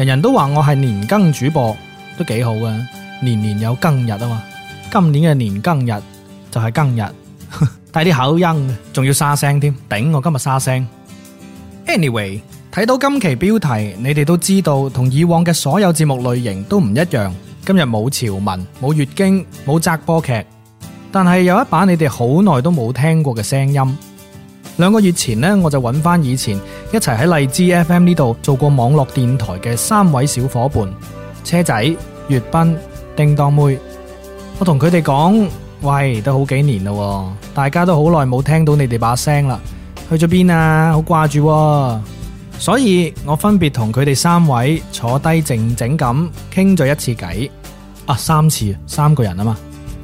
人人都話我係年更主播，都幾好啊。年年有更日啊嘛。今年嘅年更日就係更日，帶 啲口音，仲要沙聲添。頂我今日沙聲。Anyway，睇到今期標題，你哋都知道同以往嘅所有節目類型都唔一樣。今日冇潮文、冇月經，冇擇播劇，但係有一把你哋好耐都冇聽過嘅聲音。兩個月前呢，我就揾翻以前一齊喺荔枝 FM 呢度做過網絡電台嘅三位小伙伴車仔、月斌、叮當妹。我同佢哋講：喂，都好幾年咯喎，大家都好耐冇聽到你哋把聲啦，去咗邊啊？好掛住喎。所以我分別同佢哋三位坐低靜靜咁傾咗一次偈，啊，三次，三個人啊嘛。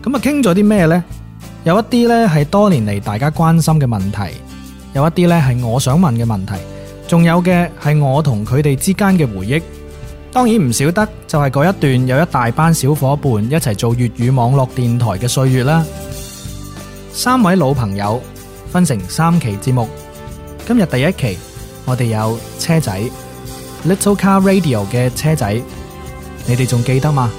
咁啊，傾咗啲咩呢？有一啲呢係多年嚟大家關心嘅問題。有一啲咧係我想問嘅問題，仲有嘅係我同佢哋之間嘅回憶。當然唔少得，就係嗰一段有一大班小伙伴一齊做粵語網絡電台嘅歲月啦。三位老朋友分成三期節目，今日第一期我哋有車仔 （Little Car Radio） 嘅車仔，你哋仲記得嗎？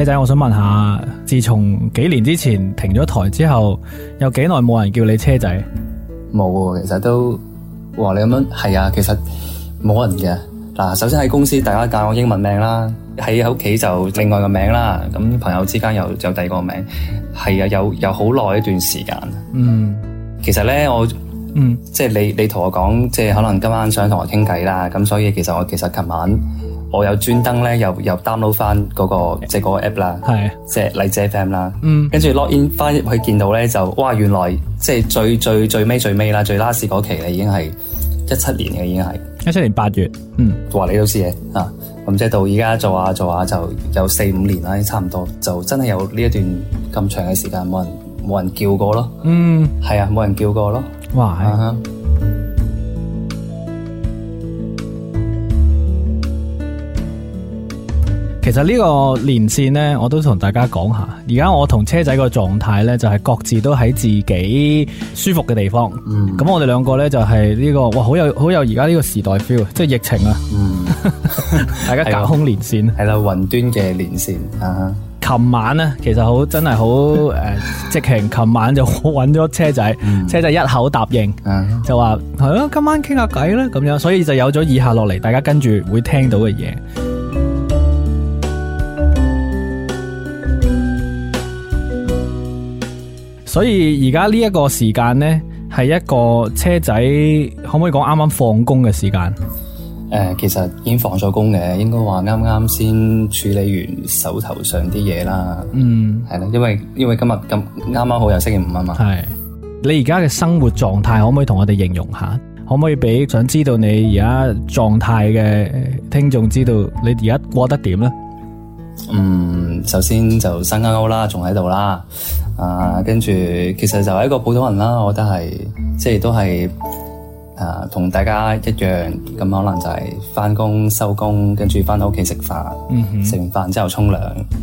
車仔，我想問下，自從幾年之前停咗台之後，有幾耐冇人叫你車仔？冇，其實都話你咁樣，係啊，其實冇人嘅。嗱，首先喺公司大家嗌我英文名啦，喺喺屋企就另外個名啦。咁朋友之間又又第二個名，係啊，有有好耐一段時間。嗯，其實咧，我嗯，即係你你同我講，即係可能今晚想同我傾偈啦。咁所以其實我其實琴晚。我有專登咧，又又 download 翻嗰個即係嗰個 app 啦，係的即係荔枝 FM 啦，嗯，跟住 login 翻去見到咧，就哇，原來即係最最，最最最尾最尾啦，最 last 嗰期啊已經係一七年嘅，已經係一七年八月，嗯，哇你都試嘅啊，咁即係到而家做下、啊、做下、啊啊、就有四五年啦，差唔多，就真係有呢一段咁長嘅時間冇人冇人叫過咯，嗯，係啊冇人叫過咯，哇係。其實呢個連線呢，我都同大家講下。而家我同車仔個狀態呢，就係各自都喺自己舒服嘅地方。嗯，咁我哋兩個呢，就係呢個，哇，好有好有而家呢個時代 feel，即係疫情啊。嗯，大家隔空連線，係啦，雲端嘅連線。啊，琴晚呢，其實好真係好誒，直情琴晚就揾咗車仔，車仔一口答應，就話係囉，今晚傾下偈啦，咁樣，所以就有咗以下落嚟，大家跟住會聽到嘅嘢。所以而家呢一個時間咧，係一個車仔可唔可以講啱啱放工嘅時間？誒、呃，其實已經放咗工嘅，應該話啱啱先處理完手頭上啲嘢啦。嗯，係啦，因為因為今日咁啱啱好又星期五啊嘛。係，你而家嘅生活狀態可唔可以同我哋形容下？可唔可以俾想知道你而家狀態嘅聽眾知道你而家過得點呢？嗯，首先就生勾勾啦，仲喺度啦，啊，跟住其實就係一個普通人啦，我覺得係即係都係啊，同大家一樣咁，可能就係翻工收工，跟住翻到屋企食飯，嗯哼、食完飯之後沖涼，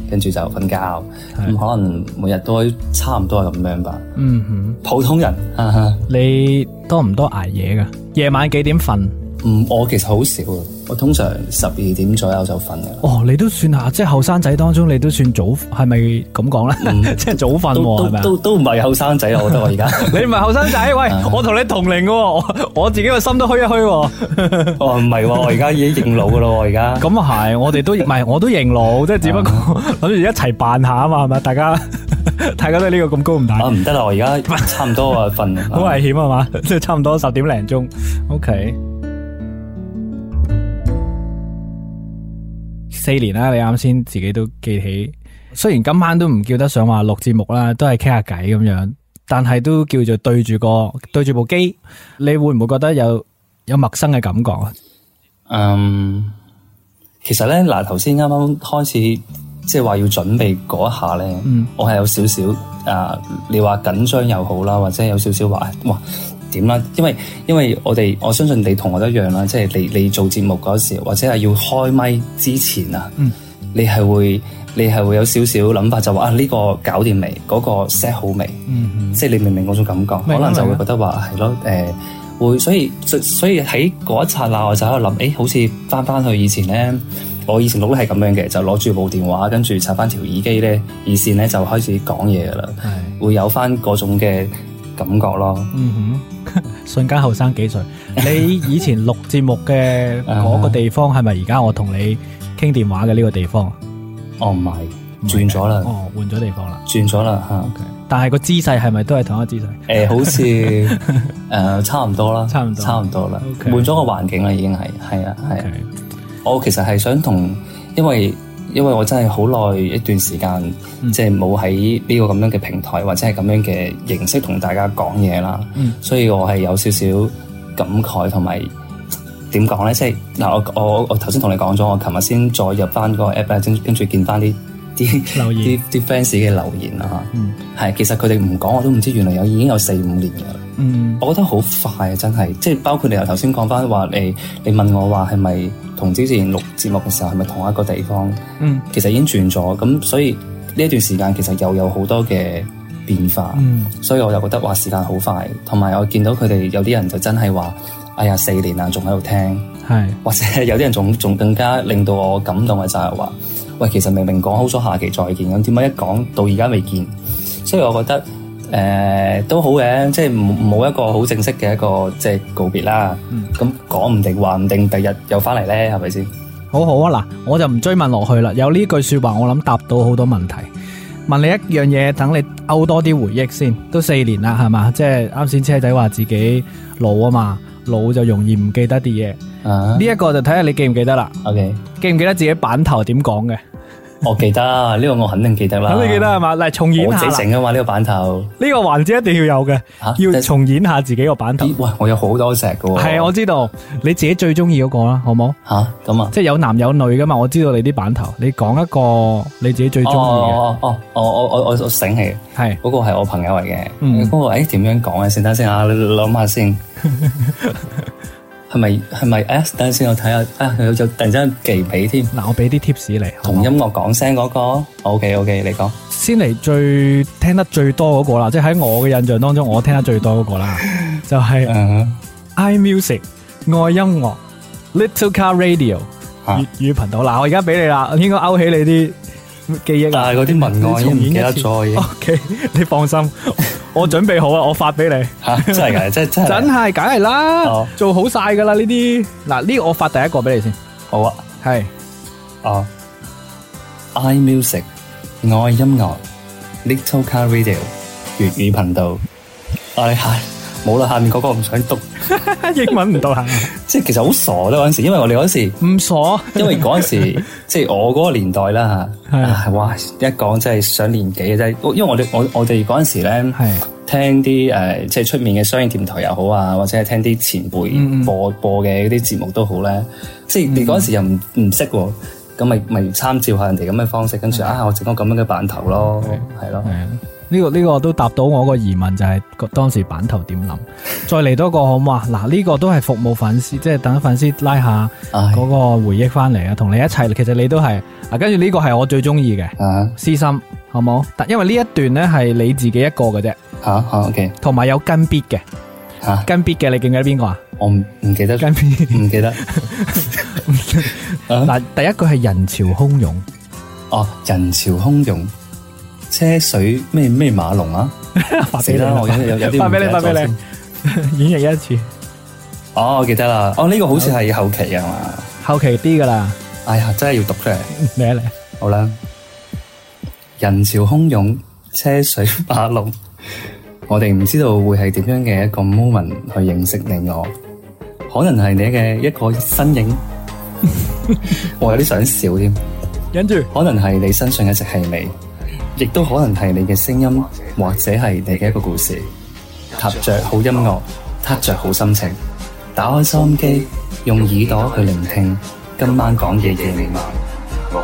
跟住就瞓覺，咁、嗯哼、嗯、可能每日都差唔多係咁樣吧。嗯哼，普通人，哈哈。你多唔多挨夜噶？夜晚幾點瞓？嗯，我其實好少。我通常十二點左右就瞓嘅。哦，你都算下，即係後生仔當中，你都算早，係咪咁講咧？嗯、 即係早瞓喎，係咪？都都唔係後生仔。我覺得我而家你唔係後生仔，喂， 我同你同齡嘅，我自己個心都虛一虛。 哦，唔係喎，我而家已經認老嘅咯，我而家。咁 啊 我哋都唔係，我都認老，即係 只不過諗住一齊扮下啊嘛，係咪？ 大家大家都呢個咁高唔大。啊，唔得啦！我而家差唔多啊，瞓啦。 好危險啊嘛，即 係差唔多十點零鐘。OK。四年啦，你啱先自己都記起，雖然今晚都唔叫得上話錄節目啦，都係傾下偈咁樣，但係都叫做對住個對住部機，你會唔會覺得有有陌生嘅感覺啊？嗯，其實咧嗱，頭先啱啱開始即係話要準備嗰一下咧，嗯、我係有少少啊，你話緊張又好啦，或者有少少話哇。點啦，因為因為我哋我相信你同我都一樣啦，即係你你做節目嗰時，或者係要開麥之前啊、嗯，你係會你係會有少少諗法，就話啊呢、呢個搞掂未，嗰、嗰個 set 好未，嗯嗯即係你明明嗰種感覺，白可能就會覺得話係咯，誒會、嗯、所以所以喺嗰一剎那我就喺度諗，誒、欸、好似翻翻去以前咧，我以前都係咁樣嘅，就攞住部電話，跟住插翻條耳機咧，耳綫咧就開始講嘢噶啦，是會有翻嗰種嘅感覺咯。嗯哼、嗯。 瞬間後生幾歲？你以前錄節目嘅嗰個地方係咪而家我同你傾電話嘅呢個地方？哦，唔係，轉咗啦，哦，換咗地方啦，轉咗啦吓。啊、Okay. 但係個姿勢係咪都係同一個姿勢？誒、呃，好似誒 呃，差唔多啦，差唔多，差唔多啦。換咗 Okay. 個環境啦，已經係，係啊，係。Okay. 我其實係想同，因為。因為我真係好耐一段時間，嗯、即係冇喺呢個咁樣嘅平台或者係咁樣嘅形式同大家講嘢啦，嗯、所以我係有少少感慨同埋點講咧？即係嗱，我我我頭先同你講咗，我琴日先再入翻個 app 跟住見翻啲啲留言、啲啲 fans 嘅留言啊嚇，係、嗯、其實佢哋唔講我都唔知，原來有已經有四五年㗎啦。嗯，我覺得好快啊，真係，即係包括你由頭先講翻話誒，你問我話係咪？是同之前錄節目嘅時候係咪同一個地方？嗯，其實已經轉咗，咁所以呢段時間其實又有好多嘅變化。嗯，所以我又覺得話時間好快，同埋我見到佢哋有啲人就真係話：哎呀四年啦，仲喺度聽。係，或者有啲人仲仲更加令到我感動嘅就係話：喂，其實明明講好咗下期再見，咁點解一講到而家未見？所以我覺得。誒、呃，都好嘅，即係冇一個好正式嘅一個即係告別啦。咁講唔定，話唔定第日又翻嚟呢，係咪先？好好啊，嗱，我就唔追問落去啦。有呢句說話，我諗答到好多問題。問你一樣嘢，等你勾多啲回憶先。都四年啦，係嘛？即係啱先，車仔話自己老啊嘛，老就容易唔記得啲嘢。呢一、啊、個就睇下你記唔記得啦。OK，記唔記得自己版頭點講嘅？ 我記得呢、這個我肯定記得啦，肯定記得係嘛？嚟，重演下，下啦。我自己整嘛呢、這個版頭，呢個環節一定要有嘅，啊、要重演下自己個版頭、欸。喂，我有好多石噶。係我知道你自己最中意嗰個啦，好冇？吓咁啊，啊即係有男有女噶嘛？我知道你啲版頭，你講一個你自己最中意、哦。哦哦哦哦，我我我醒起，係嗰是個係我朋友嚟嘅。嗰、嗯那個誒，點樣講嘅先？睇下先，你諗下先。等等等等 係咪係咪？哎，等陣先，我睇下。哎，又突然之間記唔起添。嗱，我俾啲貼士嚟，同音樂講聲嗰個。OK，OK，你講。先嚟最聽得最多嗰個啦，即係喺我嘅印象當中，我聽得最多嗰個啦，就係 I Music 愛音樂 Little Car Radio 粵語頻道。嗱，我而家俾你啦，應該勾起你啲記憶啊。但係嗰啲文案已經唔記得咗嘅。OK，你放心。我準備好啊！我發俾你嚇，真係㗎，真真真係梗係啦，做好曬噶啦呢啲。嗱呢，我發第一個俾你先。好啊，係啊，I Music 愛音樂，Little Car Radio 粵語頻道，愛嗨。冇啦，下面個個唔想讀英文，唔讀嚇。即係其實好傻咧嗰陣時，因為我哋嗰陣時唔不傻， 因為嗰陣時即係、就是、我嗰個年代啦嚇。的哇，一講真係上年紀嘅啫，因為我哋我我哋嗰陣時咧，聽啲誒即係出面嘅商業電台又好啊，或者係聽啲前輩播、嗯、播嘅啲節目都好咧。即係你嗰陣時又唔唔識喎，咁咪咪參照下人哋咁嘅方式，跟住的啊，我整個咁樣嘅版頭咯，係咯的。的呢個呢個都答到我個疑問，就係當時版頭點諗？再嚟，多個好唔好？嗱，呢個都係服務粉絲，即係等粉絲拉下嗰個回憶翻嚟啊，同你一齊。其實你都係啊，跟住呢個係我最中意嘅私心，好冇？但因為呢一段咧係你自己一個嘅啫。吓，OK。同埋有跟必嘅吓，跟必嘅你記唔記得邊個啊？我唔唔記得，跟必唔記得。嗱，第一個係人潮洶湧，哦，人潮洶湧。車水咩咩馬龍啊！其他 了 我有啲發俾你，發俾你演繹一次。哦，我記得啦。哦，呢、這個好似係後期嘅嘛，後期啲㗎啦。哎呀，真係要讀出嚟咩咧？啊、好啦，人潮洶湧，車水馬龍，我哋唔知道會係點樣嘅一個 moment 去認識你我。可能係你嘅一個身影， 我有啲想笑添。忍住著，可能係你身上嘅一席氣味。亦都可能係你嘅聲音，或者係你嘅一個故事，踏着好音樂，踏着好心情，打開收音機，用耳朵去聆聽今晚講嘅嘢。我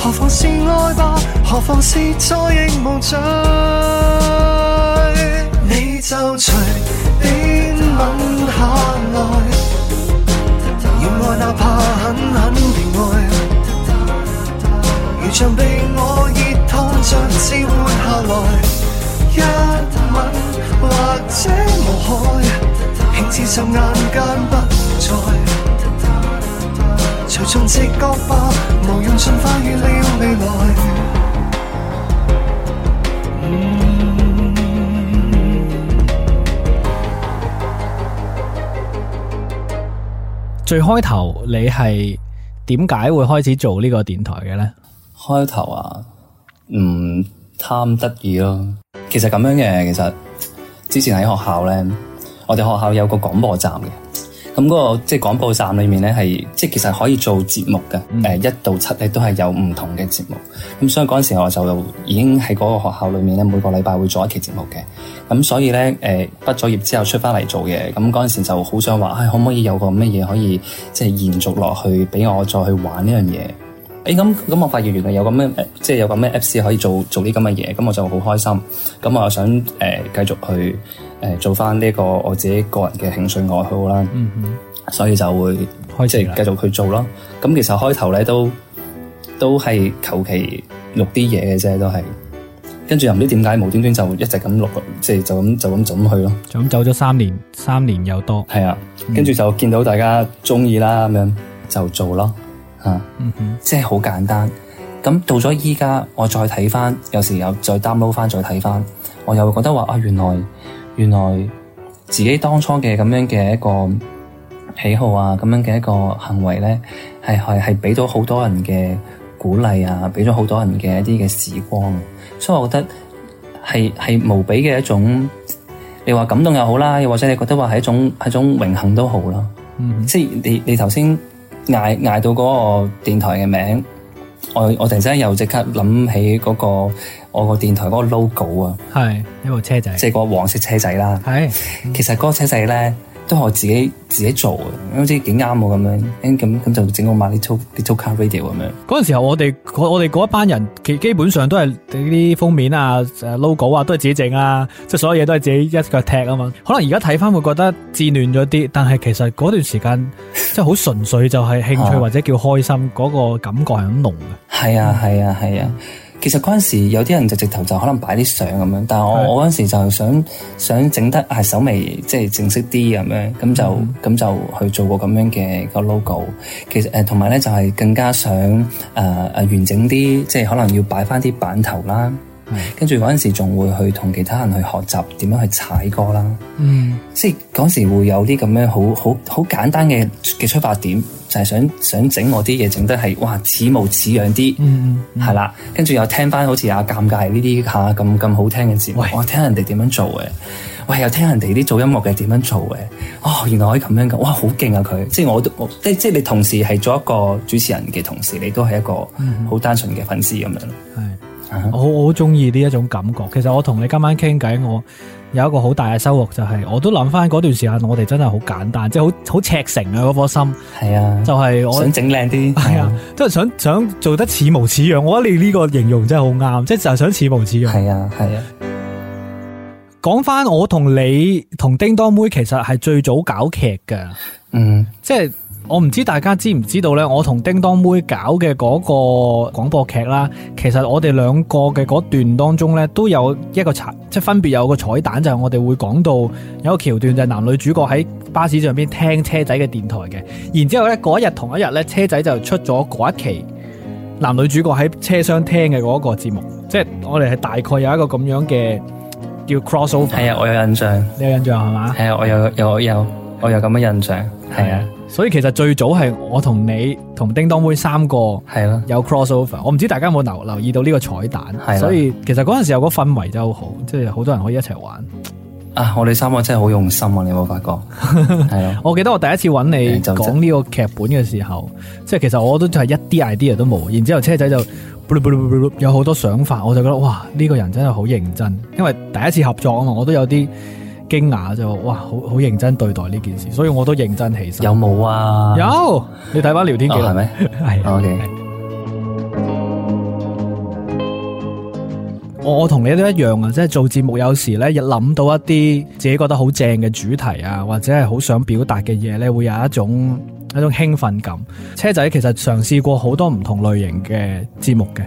何妨是愛吧，何妨是再亦無罪。你就隨便吻下來，願愛哪怕狠狠地愛，如像被我熱燙着接活下來，一吻或者無害，平視着眼間不再。去從直覺吧，無用進化預料未來。最開頭你係點解會開始做呢個電台嘅咧？開頭啊，唔貪得意咯。其實咁樣嘅，其實之前喺學校咧，我哋學校有個廣播站嘅。咁嗰、那個即係廣播站裏面咧，係即係其實可以做節目嘅。誒一、嗯呃、到七咧都係有唔同嘅節目。咁所以嗰陣時我就已經喺嗰個學校裏面咧，每個禮拜會做一期節目嘅。咁所以咧誒、呃，畢咗業之後出翻嚟做嘢，咁嗰陣時就好想話，唉，可唔可以有個咩嘢可以即係延續落去，俾我再去玩呢樣嘢？誒咁咁我發現原來有個咩、呃、即係有個咩 Apps 可以做做啲咁嘅嘢，咁我就好開心。咁我又想誒、呃、繼續去。誒，做翻呢個我自己個人嘅興趣愛好啦，嗯、哼所以就會開始繼續去做咯。咁其實開頭咧都都係求其錄啲嘢嘅啫，都係跟住又唔知點解無端端就一直咁錄，即係就咁就咁就咁去咯。就咁、是、走咗三年，三年又多係啊。跟住、嗯、就見到大家中意啦，咁樣就做咯。吓、嗯哼，即係好簡單。咁到咗依家，我再睇翻，有時又再 download 翻再睇翻，我又會覺得話啊，原來。原來自己當初嘅咁樣嘅一個喜好啊，咁樣嘅一個行為呢，係係係俾咗好多人嘅鼓勵啊，俾咗好多人嘅一啲嘅時光，所以我覺得係係無比嘅一種，你話感動又好啦，又或者你覺得話係一種係一種榮幸都好啦。嗯，即係你你頭先嗌嗌到嗰個電台嘅名。我我突然間又即刻諗起嗰個我個電台嗰個 logo 啊，係一部車仔，即係個黃色車仔啦。係，其實嗰個車仔呢。都係我自己自己做，咁樣即係幾啱我咁樣，咁咁就整個買啲租啲租 car radio 咁樣。嗰陣時候我哋我哋嗰一班人，其基本上都係啲封面啊、logo 啊，都係自己整啊，即係所有嘢都係自己一腳踢啊嘛。可能而家睇翻會覺得稚嫩咗啲，但係其實嗰段時間即係好純粹，就係興趣或者叫開心嗰 個感覺係咁濃嘅。係啊係啊係啊。其實嗰陣時有啲人就直頭就可能擺啲相咁樣，但係我是我嗰陣時就想想整得係稍微即係正式啲咁樣，咁是就去做過咁樣嘅、個 logo。其實同埋咧就係、是、更加想、呃啊、完整啲，即、就、係、是、可能要擺翻啲版頭啦。嗯、跟住嗰陣時仲會去同其他人去學習點樣去踩歌啦，嗯，即係嗰時會有啲咁樣好好好簡單嘅嘅出發點，就係、是、想想整我啲嘢整得係哇似模似樣啲、嗯，嗯，係啦，跟住又聽翻好似阿、啊、尷尬呢啲吓咁咁好聽嘅節目，喂，聽人哋點樣做嘅，喂，又聽人哋啲做音樂嘅點樣做嘅，哦，原來可以咁樣噶，哇，好勁啊佢，即係我都，我即係即係你同時係做一個主持人嘅同時，你都係一個好單純嘅粉絲咁、嗯、樣係。我我好中意呢一種感覺，其實我同你今晚傾偈，我有一個好大嘅收穫就係、是，我都諗翻嗰段時間我哋真係好簡單，即係好好赤誠啊嗰顆心。係啊，就係、是、我想整靚啲。係啊，即係想想做得似模似樣。我覺得你呢個形容真係好啱，即係就係、是、想似模似樣。係啊，係啊。講翻我同你同叮噹妹，其實係最早搞劇嘅。嗯，即係、就是。我唔知大家知唔知道呢，我同叮當妹搞嘅嗰個廣播劇啦，其實我哋兩個嘅嗰段當中呢，都有一個彩，即係分別有個彩蛋，就係、是、我哋會講到有個橋段，就係、是、男女主角喺巴士上邊聽車仔嘅電台嘅。然之後呢，嗰一日同一日呢，車仔就出咗嗰一期男女主角喺車廂聽嘅嗰個節目，即係我哋係大概有一個咁樣嘅叫 cross over。係啊，我有印象，你有印象係嘛？係啊，我有有有，有我有咁嘅印象，係啊。所以其實最早係我同你同叮噹妹三個係咯有 crossover，的我唔知大家有冇留留意到呢個彩蛋，的所以其實嗰陣時候個氛圍真係好好，即係好多人可以一齊玩。啊，我哋三個真係好用心啊！你有冇發覺？係咯 的， 我記得我第一次揾你講呢、嗯、個劇本嘅時候，即係、嗯、其實我都就係一啲 idea 都冇，然之後車仔就有好多想法，我就覺得哇呢、這個人真係好認真，因為第一次合作啊嘛，我都有啲。驚訝就哇，好好認真對待呢件事，所以我都認真起身。有冇啊？有，你睇翻聊天記錄咩？係，OK。我我同你都一樣啊，即係做節目有時呢，一諗到一啲自己覺得好正嘅主題啊，或者係好想表達嘅嘢呢，會有一種一種興奮感。車仔其實嘗試過好多唔同類型嘅節目嘅。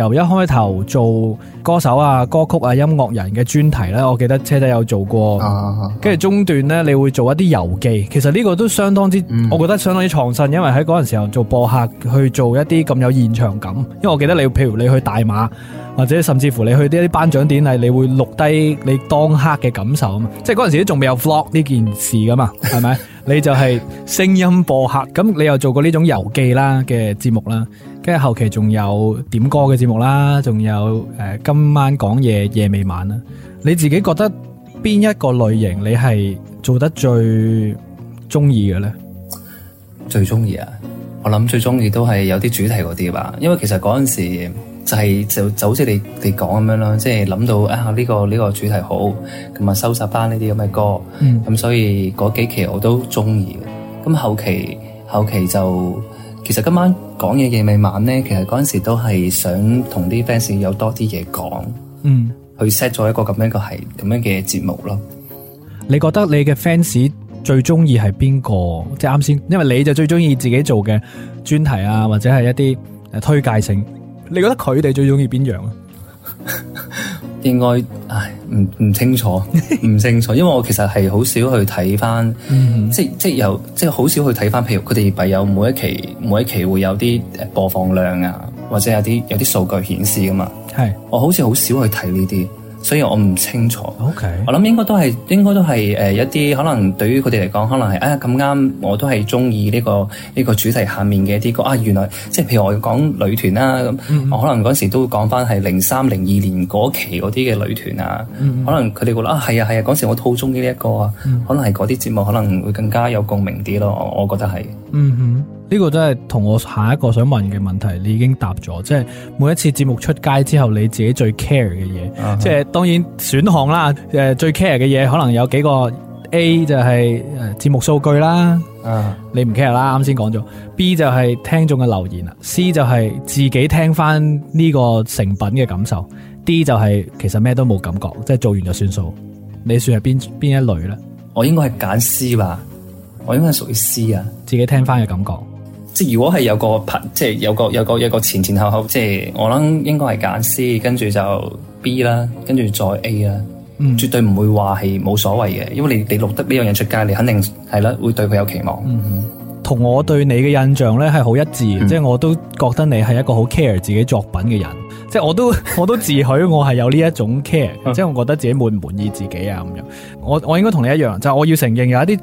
由一開頭做歌手啊、歌曲啊、音樂人嘅專題呢，我記得車仔有做過，跟住、啊啊、中段呢，你會做一啲遊記。其實呢個都相當之，嗯、我覺得相當之創新，因為喺嗰陣時候做播客去做一啲咁有現場感。因為我記得你，譬如你去大馬或者甚至乎你去啲頒獎典禮，你會錄低你當刻嘅感受啊嘛。即係嗰陣時都仲未有 Vlog 呢件事噶嘛，係咪？你就係聲音播客，咁 你又做過呢種遊記啦嘅節目啦。即係後期仲有點歌嘅節目啦，仲有誒今晚講嘢夜未晚啦。你自己覺得邊一個類型你係做得最中意嘅咧？最中意啊！我諗最中意都係有啲主題嗰啲吧。因為其實嗰陣時就係就就好似你哋講咁樣咯，即係諗到啊呢個呢個主題好，咁啊收拾翻呢啲咁嘅歌，咁所以嗰幾期我都中意嘅。咁後期後期就。其實今晚講嘢夜未晚咧，其實嗰陣時都係想同啲 fans 有多啲嘢講，嗯，去 set 咗一個咁樣一個係咁樣嘅節目咯。你覺得你嘅 fans 最中意係邊個？即係啱先，因為你就最中意自己做嘅專題啊，或者係一啲誒推介性。你覺得佢哋最中意邊樣啊？ 應該，唉，唔清楚，唔清楚，因為我其實係好少去睇翻， 即即由即好少去睇翻，譬如佢哋咪有每一期每一期會有啲播放量啊，或者有啲有啲數據顯示噶嘛，係是，我好似好少去睇呢啲。所以我唔清楚。Okay. 我諗應該都係，應該都係誒一啲可能對於佢哋嚟講，可能係呀，咁、啊、啱，我都係中意呢個呢、這個主題下面嘅一啲歌啊。原來即係譬如我講女團啦，我、mm hmm. 可能嗰時都會講返係零三零二年嗰期嗰啲嘅女團、mm hmm. 啊，可能佢哋覺得啊係啊係啊，嗰時我好中意呢一個啊，可能係嗰啲節目可能會更加有共鳴啲咯。我我覺得係。嗯哼、mm。Hmm. 呢個真係同我下一個想問嘅問題，你已經答咗，即係每一次節目出街之後，你自己最 care 嘅嘢，uh huh. 即係當然選項啦，誒最 care 嘅嘢可能有幾個 A 就係節目數據啦，uh huh. 你唔 care 啦，啱先講咗 B 就係聽眾嘅留言啦，C 就係自己聽翻呢個成品嘅感受，D 就係其實咩都冇感覺，即係做完就算數，你算係邊邊一類咧？我應該係揀 C 吧，我應該係屬於 C 啊，自己聽翻嘅感覺。即係如果係有個拍，即、就、係、是、有個有個有個前前後後，即係我諗應該係揀 C，跟住就 B 啦，跟住再 A 啦，絕對唔會話係冇所謂嘅。因為你你錄得呢樣嘢出街，你肯定係啦，會對佢有期望。同我對你嘅印象咧係好一致，即係、嗯、我都覺得你係一個好 care 自己作品嘅人。即係我都我都自許我係有呢一種 care，、嗯、即係我，我，、嗯、我覺得自己滿唔滿意自己啊咁樣。我我應該同你一樣，就是、我要承認有一啲。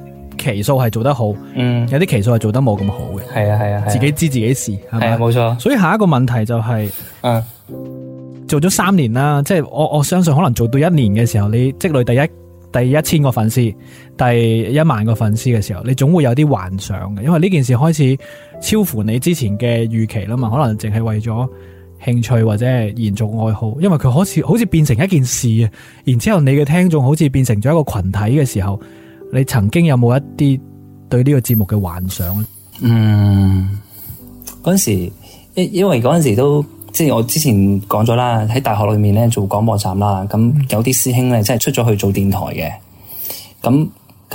期數係做得好，嗯，有啲期數係做得冇咁好嘅，係啊係啊，啊啊自己知自己事係啊，冇錯。所以下一個問題就係、是，嗯，做咗三年啦，即、就、係、是、我我相信可能做到一年嘅時候，你積累第一第一千個粉絲，第一萬個粉絲嘅時候，你總會有啲幻想嘅，因為呢件事開始超乎你之前嘅預期啦嘛，可能淨係為咗興趣或者係延續愛好，因為佢好似好似變成一件事啊，然之後你嘅聽眾好似變成咗一個群體嘅時候。你曾經有冇一啲對呢個節目嘅幻想咧？嗯，嗰陣時，因因為嗰陣時都即係我之前講咗啦，喺大學裏面做廣播站啦，咁有啲師兄呢，真係出咗去做電台嘅，咁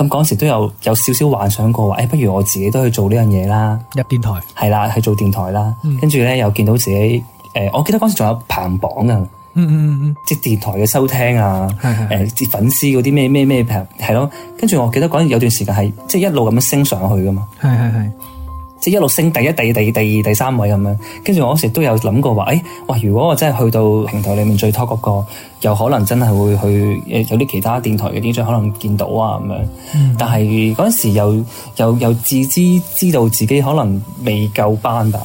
嗰陣時都有有少少幻想過話，欸，不如我自己都去做呢樣嘢啦，入電台係啦，去做電台啦，跟住呢，又見到自己，呃，我記得嗰陣時仲有排行榜嘅。嗯嗯嗯嗯， 即電台嘅收聽啊，誒是、呃，粉絲嗰啲咩咩咩平係咯，跟住我記得嗰陣有段時間係即一路咁升上去噶嘛，係係是一路升第一、第，一第，二，第二、第三位咁樣，跟住我嗰時都有諗過話，誒、欸，哇，如果我真係去到平台裏面最 top 嗰個，又可能真係會去、呃、有啲其他電台嘅聽眾可能見到啊咁樣，是是但係嗰陣時又又又自知知道自己可能未夠班吧。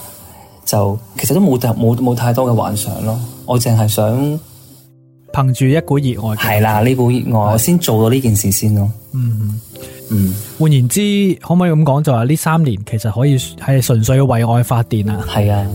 就其實都冇太冇太多嘅幻想咯，我淨係想憑住一股熱愛係啦，呢股熱愛的我先做到呢件事先咯。嗯嗯，換、嗯、言之，可唔可以咁講就話呢三年其實可以係純粹為愛發電啊？係啊、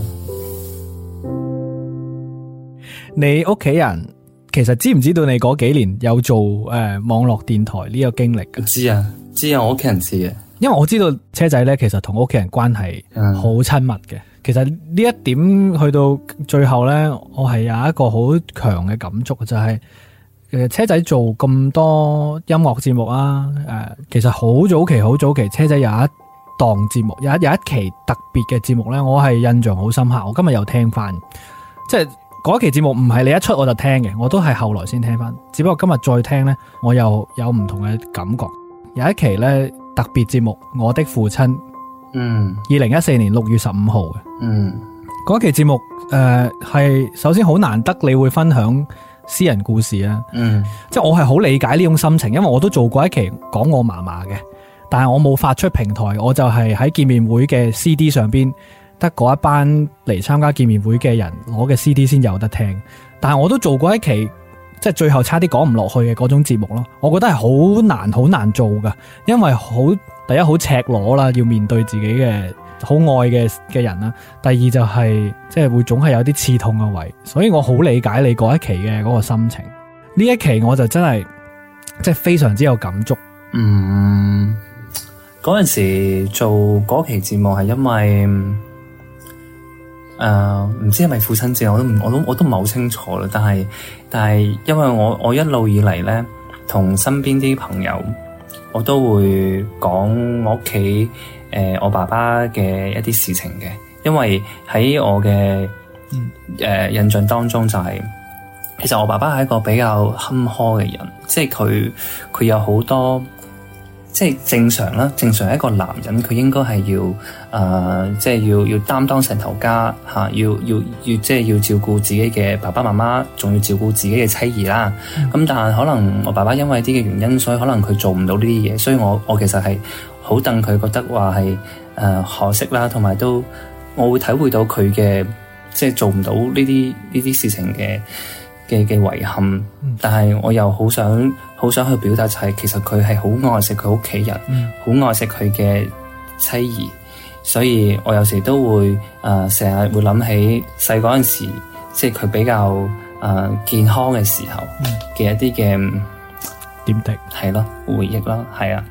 嗯，你屋企人其實知唔知道你嗰幾年有做誒、呃、網絡電台呢個經歷噶？知啊，知啊，我屋企人知啊，因為我知道車仔咧，其實同屋企人關係好親密嘅。嗯其實呢一點去到最後呢，我係有一個好強嘅感觸，就係、是、誒、呃、車仔做咁多音樂節目啊，誒、呃、其實好早期好早期，車仔有一檔節目，有一有一期特別嘅節目呢，我係印象好深刻。我今日又聽翻，即係嗰期節目唔係你一出我就聽嘅，我都係後來先聽翻。只不過今日再聽呢，我又有唔同嘅感覺。有一期呢，特別節目《我的父親》。嗯，二零一四年六月十五號嘅，嗯，嗰期節目，誒、呃，係首先好難得你會分享私人故事咧，嗯，即係我係好理解呢種心情，因為我都做過一期講我嫲嫲嘅，但係我冇發出平台，我就係喺見面會嘅 CD 上邊，得嗰一班嚟參加見面會嘅人攞嘅 CD 先有得聽，但係我都做過一期，即係最後差啲講唔落去嘅嗰種節目咯，我覺得係好難好難做㗎，因為好。第一好赤裸啦，要面對自己嘅好愛嘅嘅人啦。第二就係即係會總係有啲刺痛嘅位，所以我好理解你嗰一期嘅嗰個心情。呢一期我就真係即係非常之有感觸。嗯，嗰陣時做嗰期節目係因為誒唔知係咪父親節，我都我都我都唔係好清楚啦。但係但係因為我我一路以嚟咧同身邊啲朋友。我都會講我屋企誒我爸爸嘅一啲事情嘅，因為喺我嘅誒、呃、印象當中就係、是、其實我爸爸係一個比較坎坷嘅人，即係佢佢有好多。即係正常啦，正常一個男人佢應該係要，誒、呃，即係要要擔當成頭家吓，要要要即係要照顧自己嘅爸爸媽媽，仲要照顧自己嘅妻兒啦。咁、嗯、但係可能我爸爸因為啲嘅原因，所以可能佢做唔到呢啲嘢，所以我我其實係好戥佢覺得話係誒可惜啦，同埋都我會體會到佢嘅即係做唔到呢啲呢啲事情嘅嘅嘅遺憾，但係我又好想。好想去表達，就係其實佢係好愛惜佢屋企人，好、嗯、愛惜佢嘅妻兒，所以我有時都會誒成日會諗起細嗰陣時，即係佢比較誒、呃、健康嘅時候嘅一啲嘅點滴，係咯、嗯、回憶咯，係啊，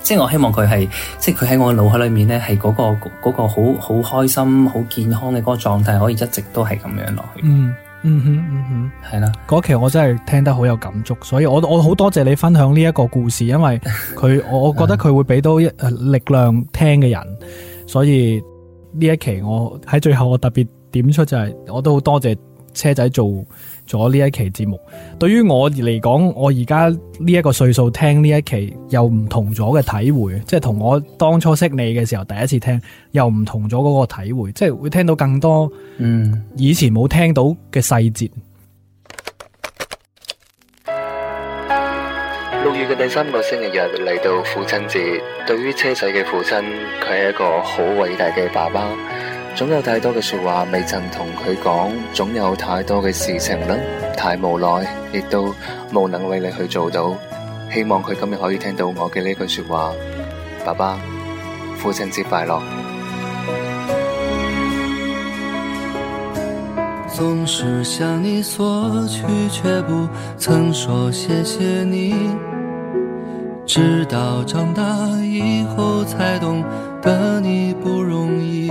即係我希望佢係，即係佢喺我嘅腦海裏面咧、嗰個，係、嗰、嗰個個好好開心、好健康嘅嗰個狀態，可以一直都係咁樣落去。嗯嗯哼嗯哼，係啦，嗰期我真係聽得好有感觸，所以我我好多謝你分享呢一個故事，因為佢，我覺得佢會俾到一力量聽嘅人，所以呢一期我喺最後我特別點出就係，我都好多謝車仔做咗呢一期節目，對於我嚟講，我而家呢一個歲數聽呢一期又唔同咗嘅體會。即係同我當初識你嘅時候第一次聽又唔同咗嗰個體會，即係會聽到更多嗯，以前冇聽到嘅細節。嗯、 六月嘅第三個星期日嚟到父親節，對於車仔嘅父親，佢係一個好偉大嘅爸爸。總有太多嘅說話未曾同佢講，總有太多嘅事情呢，太無奈，亦都無能為你去做到。希望佢今日可以聽到我嘅呢句說話，爸爸，父親節快樂。總是向你索取，卻不曾說謝謝你，直到長大以後才懂得你不容易。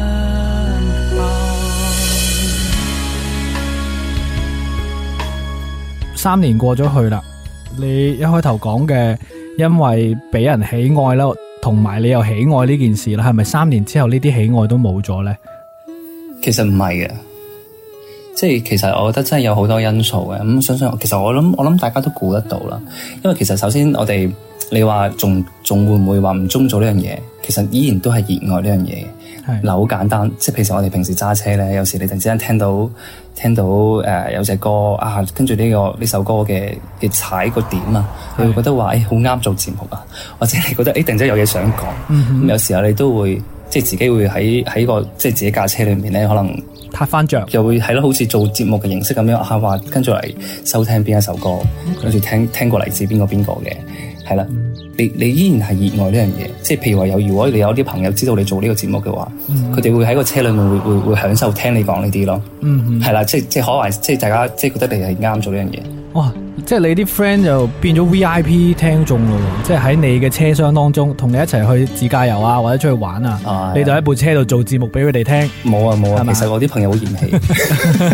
三年過咗去啦，你一開頭講嘅，因為畀人喜愛啦，同埋你又喜愛呢件事啦，係咪三年之後呢啲喜愛都冇咗咧？其實唔係嘅，即係其實我覺得真係有好多因素嘅，咁、嗯、相信其實我諗我諗大家都估得到啦，因為其實首先我哋。你話仲仲會唔會話唔鍾做呢樣嘢？其實依然都係熱愛呢樣嘢。嗱的，好簡單，即係譬如我哋平時揸車咧，有時你突然之間聽到聽到誒、呃、有隻歌啊，跟住呢、這個呢首歌嘅嘅踩個點啊，的你會覺得話誒好啱做節目啊，或者你覺得誒、欸、突然之間有嘢想講，咁、嗯、哼有時候你都會即係自己會喺喺個即係自己架車裏面咧，可能拍翻著，又會係咯，好似做節目嘅形式咁樣嚇話，啊、跟住嚟收聽邊一首歌，跟住、嗯、聽聽過嚟自邊個邊個嘅。係啦，你你依然係熱愛呢樣嘢，即係譬如話有，如果你有啲朋友知道你做呢個節目嘅話，佢哋、嗯、會喺個車裏面會會會享受聽你講呢啲咯。嗯，嗯，係啦，即係即係可能即係大家即係覺得你係啱做呢樣嘢。哇、哦！即係你啲 friend 就變咗 VIP 聽眾咯，即係喺你嘅車廂當中，同你一齊去自駕遊啊，或者出去玩啊，啊你就喺部車度做節目畀佢哋聽。冇啊冇啊，啊吧其實我啲朋友好嫌棄，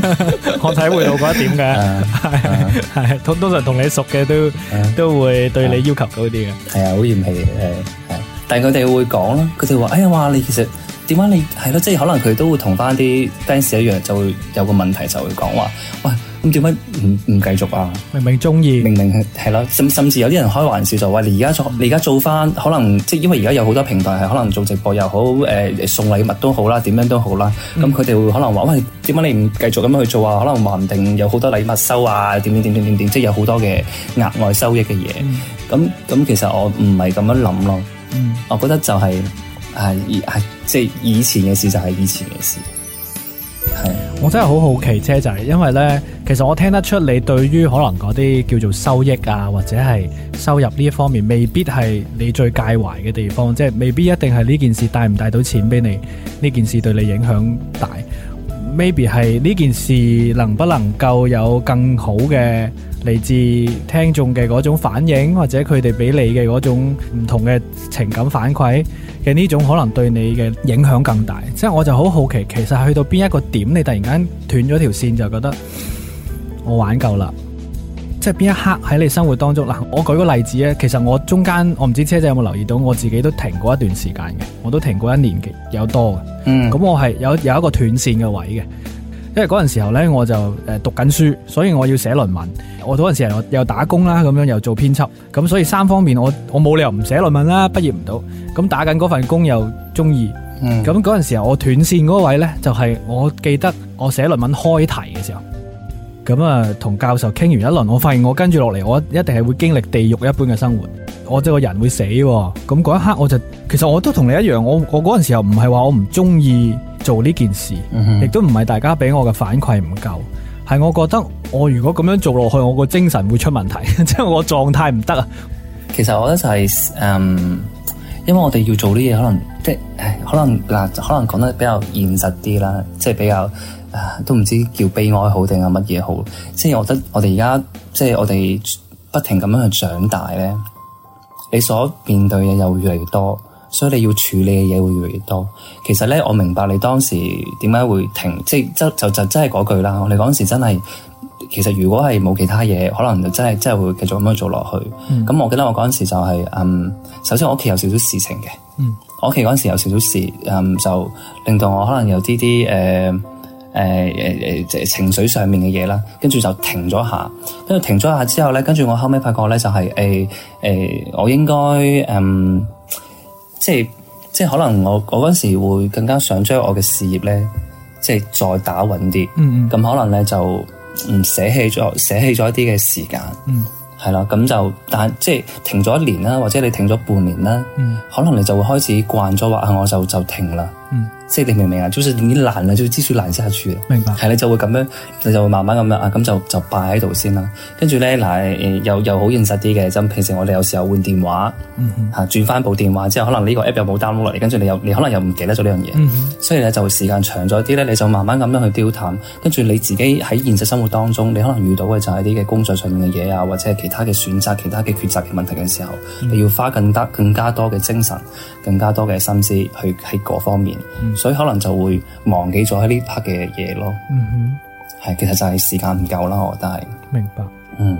我體會到嗰一點嘅，係係、啊啊、 通常同你熟嘅都、啊、都會對你要求高啲嘅。係啊，好、啊、嫌棄嘅，係係、啊，啊、但係佢哋會講咯，佢哋話哎呀哇，你其實點解你係咯，即係、就是、可能佢都會同翻啲 fans 一樣，就會有個問題就會講話喂。點解唔唔繼續啊？明明中意，明明係係啦，甚甚至有啲人開玩笑就話、哎、你而家做，你而家做翻，可能即係因為而家有好多平台係可能做直播又好，誒、呃、送禮物都好啦，點樣都好啦。咁佢哋會可能話喂，哎、點解你唔繼續咁樣去做啊？可能話唔定有好多禮物收啊，點點點點點點，即係有好多嘅額外收益嘅嘢。咁咁、嗯、其實我唔係咁樣諗咯。嗯，我覺得就係係係即係以前嘅事，事，就係以前嘅事。我真係好好奇，即係因為呢，其實我聽得出你對於可能嗰啲叫做收益啊，或者係收入呢一方面，未必係你最介懷嘅地方，即係未必一定係呢件事帶唔帶到錢俾你，呢件事對你影響大，maybe 係呢件事能不能夠有更好嘅。嚟自聽眾嘅嗰種反應，或者佢哋俾你嘅嗰種唔同嘅情感反饋嘅呢種，可能對你嘅影響更大。即係我就好好奇，其實去到邊一個點，你突然間斷咗條線，就覺得我玩夠啦。即係邊一刻喺你生活當中嗱、啊，我舉個例子咧，其實我中間我唔知車仔有冇留意到，我自己都停過一段時間嘅，我都停過一年嘅有多嘅。咁、嗯、我係有有一個斷線嘅位嘅。因為嗰陣時候呢，我就誒讀緊書，所以我要寫論文。我嗰陣時又又打工啦，咁樣又做編輯，咁所以三方面我我冇理由唔寫論文啦，畢業唔到。咁打緊嗰份工又中意。嗯。咁嗰陣時候我斷線嗰位呢，就係我記得我寫論文開題嘅時候，咁啊同教授傾完一輪，我發現我跟住落嚟我一定係會經歷地獄一般嘅生活。我這個人會死，啊，咁嗰一刻我就，其實我都同你一樣，我我嗰陣時候唔係話我唔中意做呢件事，亦都唔係大家俾我嘅反饋唔夠，係我覺得我如果咁樣做落去，我個精神會出問題，即 係我狀態唔得啊。其實我覺得就係、是，嗯，因為我哋要做啲嘢，可能即係，可能嗱、呃，可能講得比較現實啲啦，即、就、係、是、比較，都唔知叫悲哀好定係乜嘢好。即、就、係、是、我覺得我哋而家，即、就、係、是、我哋不停咁樣去長大咧。你所面對嘅又會越嚟越多，所以你要處理嘅嘢會越嚟越多。其實咧，我明白你當時點解會停，即係就就真係嗰句啦。我哋嗰陣時真係，其實如果係冇其他嘢，可能就真係真係會繼續咁樣做落去。咁、嗯、我記得我嗰陣時就係、是，嗯，首先我屋企有少少事情嘅，嗯、我屋企嗰陣時有少少事，嗯，就令到我可能有啲啲誒。呃誒誒誒，情緒上面嘅嘢啦，跟住就停咗下，跟住停咗下之後咧，跟住我後屘發覺咧就係誒誒，我應該嗯、呃，即係即係可能我我嗰時會更加想將我嘅事業咧，即係再打穩啲，嗯嗯，咁可能咧就唔捨棄咗捨棄咗一啲嘅時間，嗯，係啦，咁就但即係停咗一年啦，或者你停咗半年啦，嗯，可能你就會開始慣咗，話我就就停啦。嗯、即係你明唔明啊？就是你懶啊，就繼續懶下去，明白？係你就會咁樣，你就就慢慢咁啊，咁就就擺喺度先啦。跟住咧，嗱、啊呃，又又好現實啲嘅，即平時我哋有時候換電話，吓轉翻部電話之後，可能呢個 app 又冇 download 落嚟，跟住你又你可能又唔記得咗呢樣嘢，嗯、哼所以咧就時間長咗啲咧，你就慢慢咁樣去刁淡。跟住你自己喺現實生活當中，你可能遇到嘅就係啲嘅工作上面嘅嘢啊，或者係其他嘅選擇、其他嘅抉擇嘅問題嘅時候，你、嗯、要花更多、更加多嘅精神、更加多嘅心思去喺嗰方面。嗯、所以可能就會忘記咗喺呢 part 嘅嘢咯。嗯哼，係，其實就係時間唔夠啦，我覺得明白。嗯。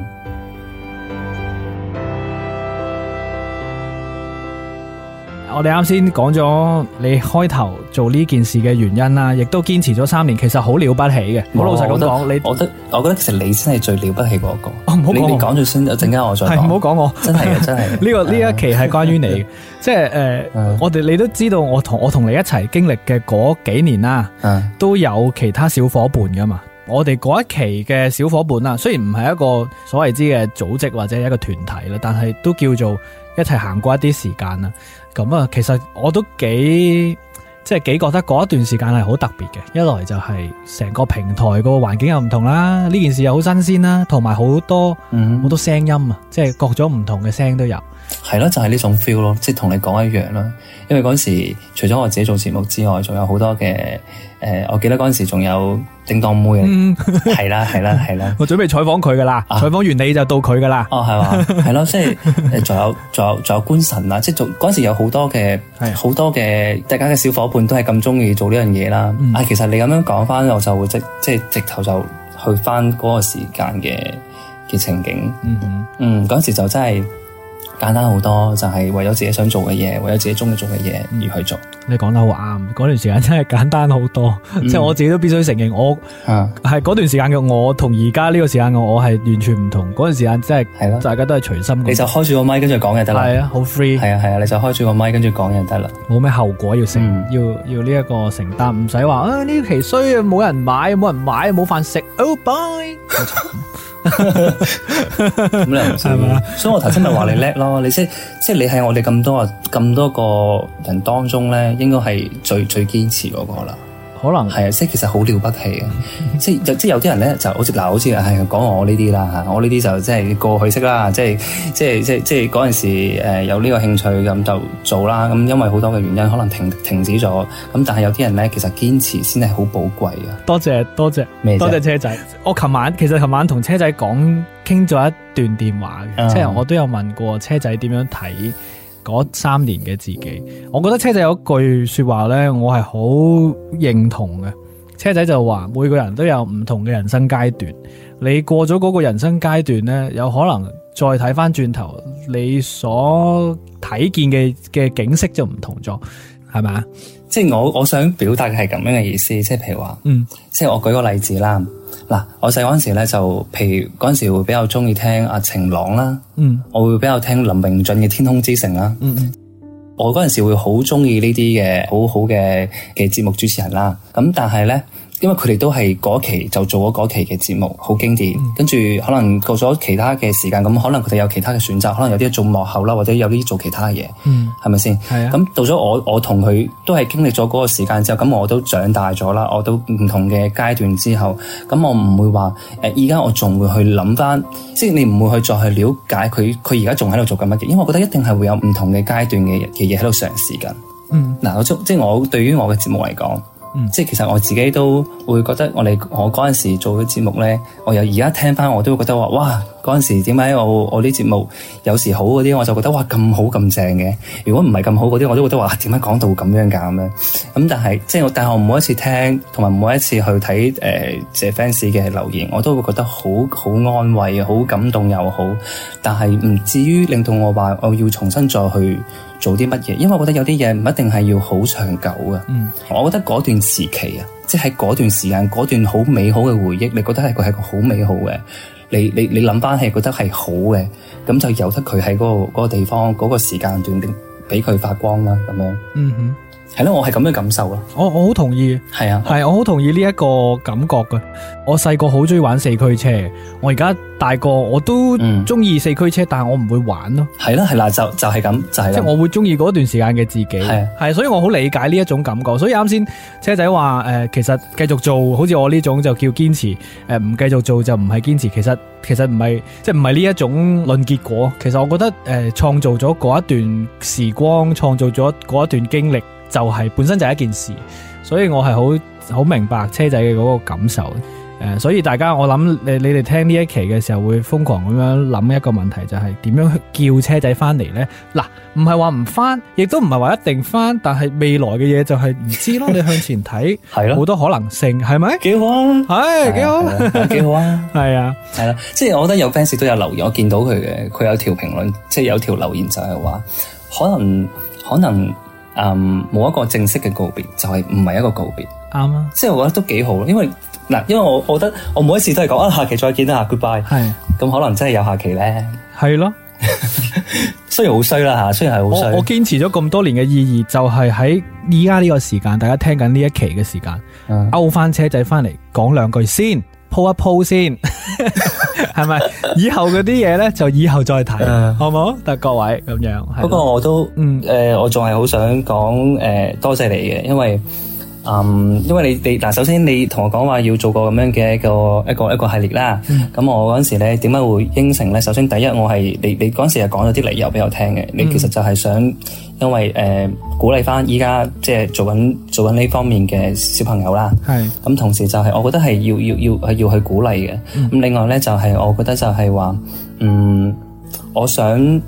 我哋啱先講咗你開頭做呢件事嘅原因啦，亦都堅持咗三年，其實好了不起嘅。好、哦、老實講，你，我覺得，你我覺得其實你先係最了不起嗰、嗰個。哦、你你講住先，我陣間我再講。唔好講我，真係嘅，真係。呢個呢一期係關於你，即係誒，我哋你都知道，我同我同你一齊經歷嘅嗰幾年啦， 都有其他小伙伴噶嘛。我哋嗰一期嘅小伙伴啦，雖然唔係一個所謂之嘅組織或者一個團體啦，但係都叫做。一齊行過一啲時間啦，咁啊，其實我都幾即係幾覺得嗰一段時間係好特別嘅，一來就係成個平台個環境又唔同啦，呢件事又好新鮮啦，同埋好多、mm hmm. 好多聲音啊，即係各種唔同嘅聲都有。係咯，就係呢種 feel 咯，即係同你講一樣啦。因為嗰陣時，除咗我自己做節目之外，仲有好多嘅呃，我記得嗰陣時仲有叮當妹，係啦係啦係啦。我準備採訪佢噶啦，採訪完你就到佢噶啦。哦，係嘛，係咯，即係仲有仲有仲有觀神啦，即係做嗰陣時有好多嘅好多嘅大家嘅小伙伴都係咁中意做呢樣嘢啦。其實你咁樣講翻，我就即即係直頭就去翻嗰個時間嘅情景。嗯嗯，嗰陣時就真係。簡單好多，就係為咗自己想做嘅嘢，為咗自己鍾意做嘅嘢而去做。你講得好啱，嗰段時間真係簡單好多，即係我自己都必須承認，我係嗰段時間嘅我，同而家呢個時間嘅我係完全唔同。嗰段時間真係係咯，大家都係隨心，你就開住個麥跟住講就得啦，係啊，好 free，係啊係啊，你就開住個麥跟住講就得啦，冇咩後果要承，要要呢一個承擔，唔使話啊呢期衰啊冇人買，冇人買，冇飯食，oh bye，係嘛，所以我頭先咪話你叻咯，你即即係你喺我哋咁多咁多個人當中咧。應該係最最堅持嗰個啦，可能係啊，即係其實好了不起啊， 即係即係有啲人咧就好似嗱，好似係講我呢啲啦吓，我呢啲就即係過去式啦，即係即係即係即係嗰陣時誒有呢個興趣咁就做啦，咁因為好多嘅原因可能停停止咗，咁但係有啲人咧其實堅持先係好寶貴啊！多謝多謝，多謝車仔，我琴晚其實琴晚同車仔講傾咗一段電話嘅，即係我都有問過車仔點樣睇。嗯嗰三年嘅自己，我覺得車仔有一句說話咧，我係好認同嘅。車仔就話，每個人都有唔同嘅人生階段，你過咗嗰個人生階段咧，有可能再睇翻轉頭，你所睇見嘅嘅景色就唔同咗，係咪？即係我我想表達嘅係咁樣嘅意思，即係譬如話，嗯、即係我舉個例子啦。嗱，我細個嗰陣時咧就，譬如嗰陣時會比較中意聽阿晴朗啦，嗯，我會比較聽林明俊嘅《天空之城》啦，嗯嗯，我嗰陣時會好中意呢啲嘅好好嘅嘅節目主持人啦。咁但係咧。因為佢哋都係嗰期就做咗嗰期嘅節目，好經典。跟住、嗯、可能過咗其他嘅時間，咁可能佢哋有其他嘅選擇，可能有啲做幕後啦，或者有啲做其他嘢，係咪先？係吧啊。咁到咗我，我同佢都係經歷咗嗰個時間之後，咁我都長大咗啦，我都唔同嘅階段之後，咁我唔會話誒，依家我仲會去諗翻，即、就、係、是、你唔會去再去了解佢，佢而家仲喺度做緊乜嘢？因為我覺得一定係會有唔同嘅階段嘅嘅嘢喺度嘗試緊。嗯，嗱、啊，即即我對於我嘅節目嚟講。即係、嗯、其實我自己都會覺得我們，我哋我嗰陣時候做嘅節目呢，我有而家聽返，我都會覺得話，哇！嗰陣時，點解我我啲節目有時好嗰啲，我就覺得哇咁好咁正嘅。如果唔係咁好嗰啲，我都覺得話點解講到咁樣噶咁樣。咁但係即係我，但係我每一次聽同埋每一次去睇誒、呃、謝 fans 嘅留言，我都會覺得好好安慰，好感動又好。但係唔至於令到我話我要重新再去做啲乜嘢，因為我覺得有啲嘢唔一定係要好長久嘅。嗯、我覺得嗰段時期啊，即係喺嗰段時間嗰段好美好嘅回憶，你覺得係佢係個好美好嘅。你你你諗翻起覺得係好嘅，咁就由得佢喺嗰個地方嗰個時間段，俾佢發光啦咁樣。嗯哼。係咯，我係咁樣感受咯。我我好同意，係啊，係啊，我好同意呢一個感覺嘅。我細個好中意玩四驅車，我而家大個我都中意四驅車，嗯、但係我唔會玩咯。係啦、啊，係啦、啊，就就係咁，就係、是。即、就、係、是、我會中意嗰段時間嘅自己，係、啊、所以我好理解呢一種感覺。所以啱先車仔話誒、呃，其實繼續做好似我呢種就叫堅持，誒唔繼續做就唔係堅持。其實其實唔係即係唔係呢一種論結果。其實我覺得誒，創、呃、造咗嗰一段時光，創造咗嗰一段經歷。就係本身就係一件事，所以我係好好明白車仔嘅嗰個感受，誒，所以大家我諗你你哋聽呢一期嘅時候會瘋狂咁樣諗一個問題，就係點樣叫車仔翻嚟呢？嗱，唔係話唔翻，亦都唔係話一定翻，但係未來嘅嘢就係唔知咯。你向前睇，係咯，好多可能性，係咪？幾好啊，係幾好，幾好啊，係啊，係啦，即係我覺得有 fans 都有留言，我見到佢嘅，佢有條評論，即係有條留言就係話，可能可能。嗯，冇、um, 一個正式嘅告別，就係唔係一個告別，啱啊，即係我覺得都幾好咯，因為嗱，因為我我覺得我每一次都係講啊，下期再見啦，goodbye，係，咁是可能真係有下期咧，係咯、啊， 雖然好衰啦吓，雖然係好衰，我堅持咗咁多年嘅意義，就係喺而家呢個時間，大家聽緊呢一期嘅時間，勾翻車仔翻嚟講兩句先。鋪一鋪先，係 咪？ 以後嗰啲嘢咧，就以後再睇， 好唔好？得 各位咁樣，不過我都，嗯，誒、呃，我仲係好想講，誒、呃，多謝你嘅，因為。嗯，um, 因為你你嗱，首先你同我講話要做過咁樣嘅一個一個一個系列啦。咁、嗯、我嗰陣時咧點解會應承咧？首先第一，我係你你嗰陣時係講咗啲理由俾我聽嘅。嗯、你其實就係想因為誒、呃、鼓勵翻依家即係做緊做緊呢方面嘅小朋友啦。係咁是、嗯，同時就係我覺得係要要要係要去鼓勵嘅。咁、嗯、另外咧就係、是、我覺得就係話，嗯，我想。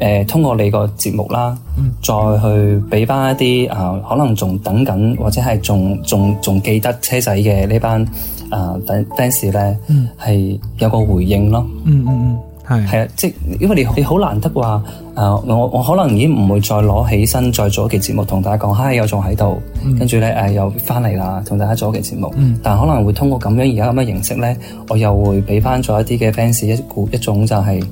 誒，通過你個節目啦，嗯、再去畀翻一啲啊、呃，可能仲等緊或者係仲仲仲記得車仔嘅、呃、呢班啊 fans 咧，係、嗯、有個回應咯。嗯嗯嗯，係係啊，即係因為你你好難得話啊、呃，我我可能已經唔會再攞起身再做一期節目同大家講，嗨，我仲喺度，跟住咧誒又翻嚟啦，同大家做一期節目，嗯、但可能會通過咁樣而家咁嘅形式咧，我又會俾翻咗一啲嘅 fans 一一種就係。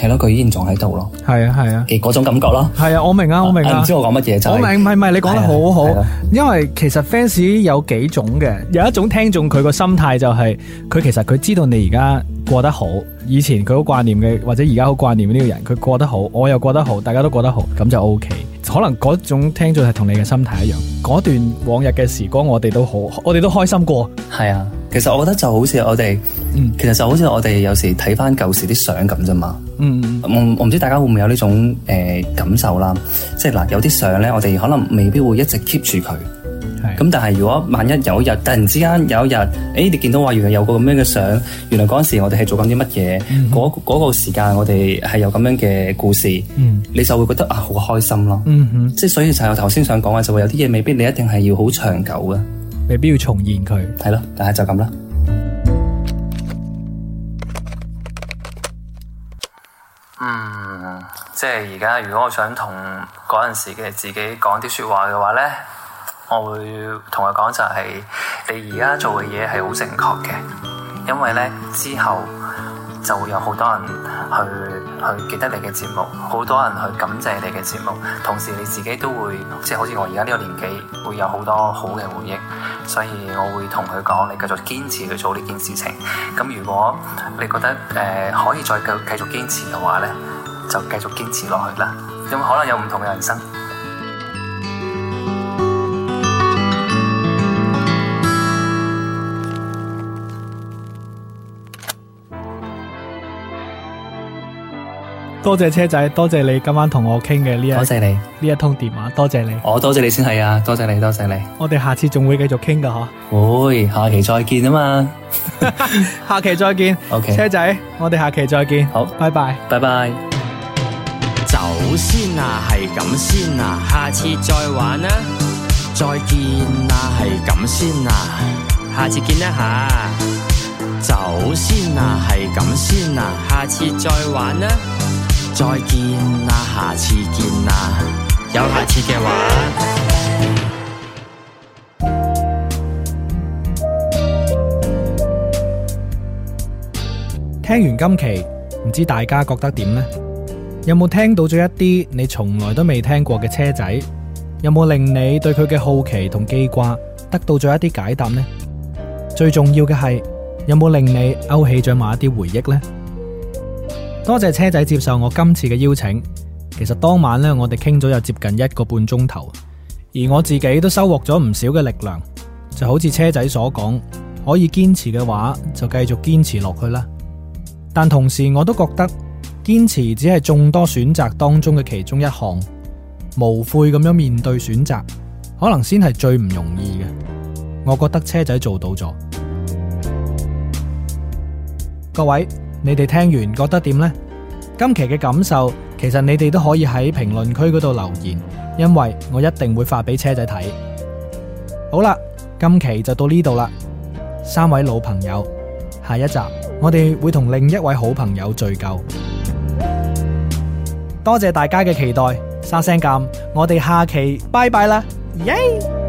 係咯，佢依然仲喺度咯。係啊，係啊，嗰種感覺咯。係啊，我明啊，我明啊。唔知我講乜嘢我明，唔係唔係，你講得好好。啊啊、因為其實 fans 有幾種嘅，有一種聽眾佢個心態就係，佢其實佢知道你而家過得好，以前佢好掛念嘅，或者而家好掛念呢個人，佢過得好，我又過得好，大家都過得好，咁就 OK。可能嗰種聽眾係同你嘅心態一樣，嗰段往日嘅時光，我哋都好，我哋都開心過。係啊。其實我覺得就好似我哋，嗯、其實就好似我哋有時睇翻舊時啲相咁啫嘛。嗯嗯嗯、我唔知大家會唔會有呢種誒、呃、感受啦。即係嗱，有啲相咧，我哋可能未必會一直 keep 住佢。咁的但係如果萬一有一日突然之間有一日，誒、欸，你見到話原來有個咁樣嘅相，原來嗰陣時我哋係做緊啲乜嘢，嗰嗰、嗯嗯嗰個時間我哋係有咁樣嘅故事，嗯、你就會覺得啊，好開心咯。即係、嗯嗯嗯、所以就係我頭先想講嘅，就會、是、有啲嘢未必你一定係要好長久嘅。未必要重現佢，係咯，但係就咁啦。嗯，即係而家，如果我想同嗰陣時嘅自己講啲説話嘅話呢，我會同佢講就係你而家做嘅嘢係好正確嘅，因為呢之後，就會有好多人去去記得你嘅節目，好多人去感謝你嘅節目，同時你自己都會即係好似我而家呢個年紀，會有好多好嘅回憶，所以我會同佢講，你繼續堅持去做呢件事情。咁如果你覺得誒、呃、可以再繼續堅持嘅話呢就繼續堅持落去啦，有冇可能有唔同嘅人生。多謝車仔，多謝你今晚同我傾嘅呢一多謝你呢一通電話，多謝你。我多謝你先係啊，多謝你，多謝你。我哋下次仲會繼續傾噶嗬。會下期再見啊嘛，下期再見。OK，車仔，我哋下期再見。好，拜拜，拜拜。走先啊，係咁先啊，下次再玩啦。再見啊，係咁先啊，下次見啦吓。走先啊，係咁先啊，下次再玩啦。再見啦，下次見啦。有下次嘅話，聽完今期唔知大家覺得點呢？有冇聽到咗一啲你從來都未聽過嘅車仔？有冇令你對佢嘅好奇同記掛，得到咗一啲解答呢？最重要嘅係有冇令你勾起咗某一啲回憶呢？多謝車仔接受我今次嘅邀請。其實當晚呢，我哋傾咗有接近一個半鐘頭，而我自己都收穫咗唔少嘅力量。就好似車仔所講，可以堅持嘅話，就繼續堅持落去啦。但同時，我都覺得堅持只係眾多選擇當中嘅其中一項，無悔咁樣面對選擇，可能先係最唔容易嘅。我覺得車仔做到咗，各位。你哋聽完覺得點呢？今期嘅感受，其實你哋都可以喺評論區嗰度留言，因為我一定會發俾車仔睇。好啦，今期就到呢度啦。三位老朋友，下一集我哋會同另一位好朋友聚舊。多謝大家嘅期待，沙聲咁，我哋下期拜拜啦，耶、yeah!！